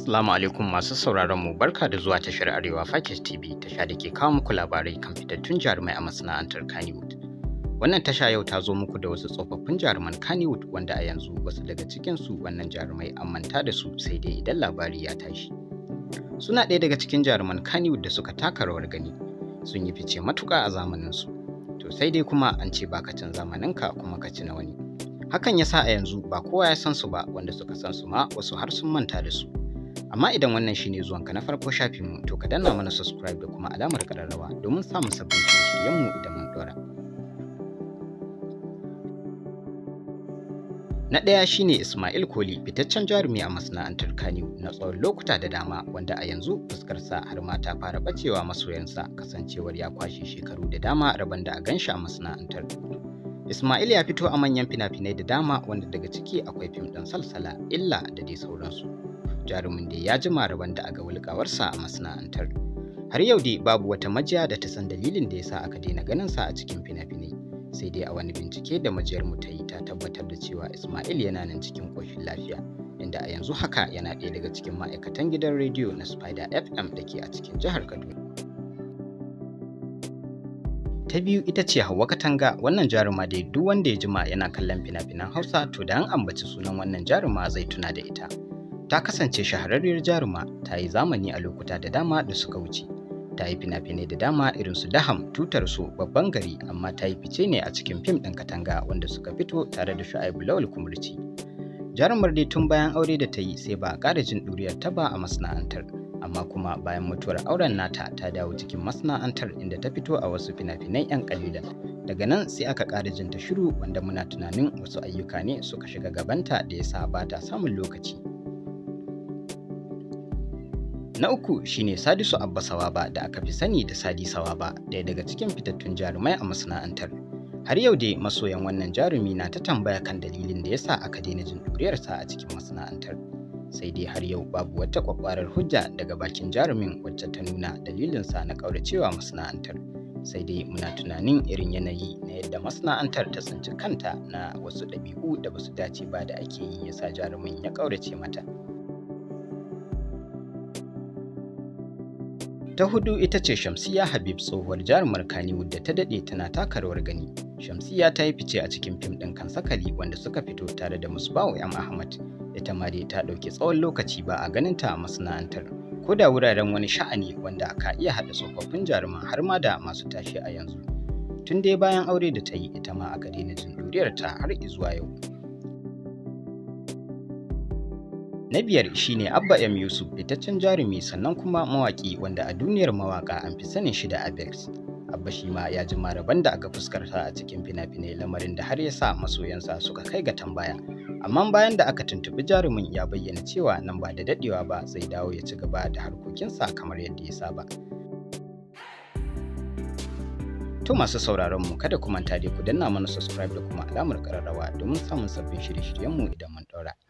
Assalamu alaikum masu sauraron mu barka da zuwa tashar Arewa Fakis TV tasha da ke kawo muku labarai kan fitattun jarumai a masana'antar Kannywood. Wannan tasha yau ta zo muku da wasu tsofaffin jaruman Kannywood wanda a yanzu wasu daga cikin su wannan jarumai an manta da su sai dai idan labari ya tashi. Suna ɗaya daga cikin jaruman Kannywood da suka taka rawar gani sun yi fice matuƙa a zamanin su To sai dai kuma an ce ba ka zamanin ka kuma ka ci na wani. Hakan ya sa a yanzu ba kowa ya san su ba wanda suka san su ma wasu har sun manta da su. Amma idan wannan shine zuwanka na farko mu to ka danna mana subscribe da kuma alamar kararrawa domin samun sabbin shirye mu idan mun dora. Na ɗaya shine Ismail Koli fitaccen jarumi a masana'antar Kaniwu na tsawon lokuta da dama wanda a yanzu fuskarsa har ma ta fara bacewa masoyansa kasancewar ya kwashe shekaru da dama rabon da a ganshi a masana'antar. Ismail ya fito a manyan fina-finai da dama wanda daga ciki akwai fim ɗin salsala illa da dai sauransu. jarumin da ya jima rabon da aga wulkawarsa a masana'antar har yau dai babu wata majiya da ta san dalilin da ya sa aka daina ganin sa a cikin fina-finai sai dai a wani bincike da majiyar mu ta yi ta tabbatar da cewa Ismail yana nan cikin ƙoshin lafiya inda a yanzu haka yana ɗaya daga cikin ma'aikatan gidan rediyo na Spider FM da ke a cikin jihar Kaduna. ta biyu ita ce Hauwa Katanga wannan jaruma dai duk wanda ya jima yana kallon fina-finan Hausa to da an ambaci sunan wannan jaruma zai tuna da ita ta kasance shahararriyar jaruma ta yi zamani a lokuta da dama da suka wuce ta yi fina-finai da dama irin su daham tutar su babban gari amma ta yi fice ne a cikin fim ɗin katanga wanda suka fito tare da shu'aibu lawal kumurci jarumar dai tun bayan aure da ta yi sai ba a ƙara jin ɗuriyar ta ba a masana'antar amma kuma bayan mutuwar auren nata ta dawo cikin masana'antar inda ta fito a wasu fina-finai 'yan ƙalilan, daga nan sai aka ƙara jin ta shiru wanda muna tunanin wasu ayyuka ne suka shiga gabanta da ya sa ba ta samun lokaci Na uku shine Sadisu Abba Sawaba da aka fi sani da Sadi Sawaba, ɗaya daga cikin fitattun jarumai a masana'antar. Har yau dai masoyan wannan jarumi na ta tambaya kan dalilin da yasa aka daina jin duriyarsa a cikin masana'antar. Sai dai har yau babu wata kwakwarar hujja daga bakin jarumin wacce ta nuna dalilinsa na ƙauracewa masana'antar. Sai dai muna tunanin irin yanayi na yadda masana'antar ta tsinci kanta na wasu ɗabi'u da basu dace ba da ake yi yasa jarumin ya ƙaurace mata. ta hudu ita ce Shamsiya Habib tsohuwar jarumar Kannywood da ta dade tana taka rawar gani. Shamsiya ta yi fice a cikin fim ɗin Sakali wanda suka fito tare da Musbahu 'yam Ahmad. Ita ma dai ta ɗauki tsawon lokaci ba a ganin ta a masana'antar. Ko da wuraren wani sha'ani wanda ka iya haɗa tsofaffin jaruma har ma da masu tashi a yanzu. Tun dai bayan aure da ta yi ita ma aka daina jin ta har zuwa yau. Na biyar shine Abba M. Yusuf, fitaccen jarumi sannan kuma mawaƙi wanda a duniyar mawaƙa an fi sanin shi da Abex. Abba shi ma ya ji maraban da aka fuskarta a cikin fina-finai lamarin da har ya sa masoyansa suka kai ga tambaya. Amma bayan da aka tuntuɓi jarumin ya bayyana cewa nan ba da daɗewa ba zai dawo ya ci gaba da harkokinsa kamar yadda ya saba. To masu sauraron mu kada ku manta dai ku danna mana subscribe da kuma alamar ƙararrawa domin samun sabbin shirye-shiryenmu idan mun ɗaura.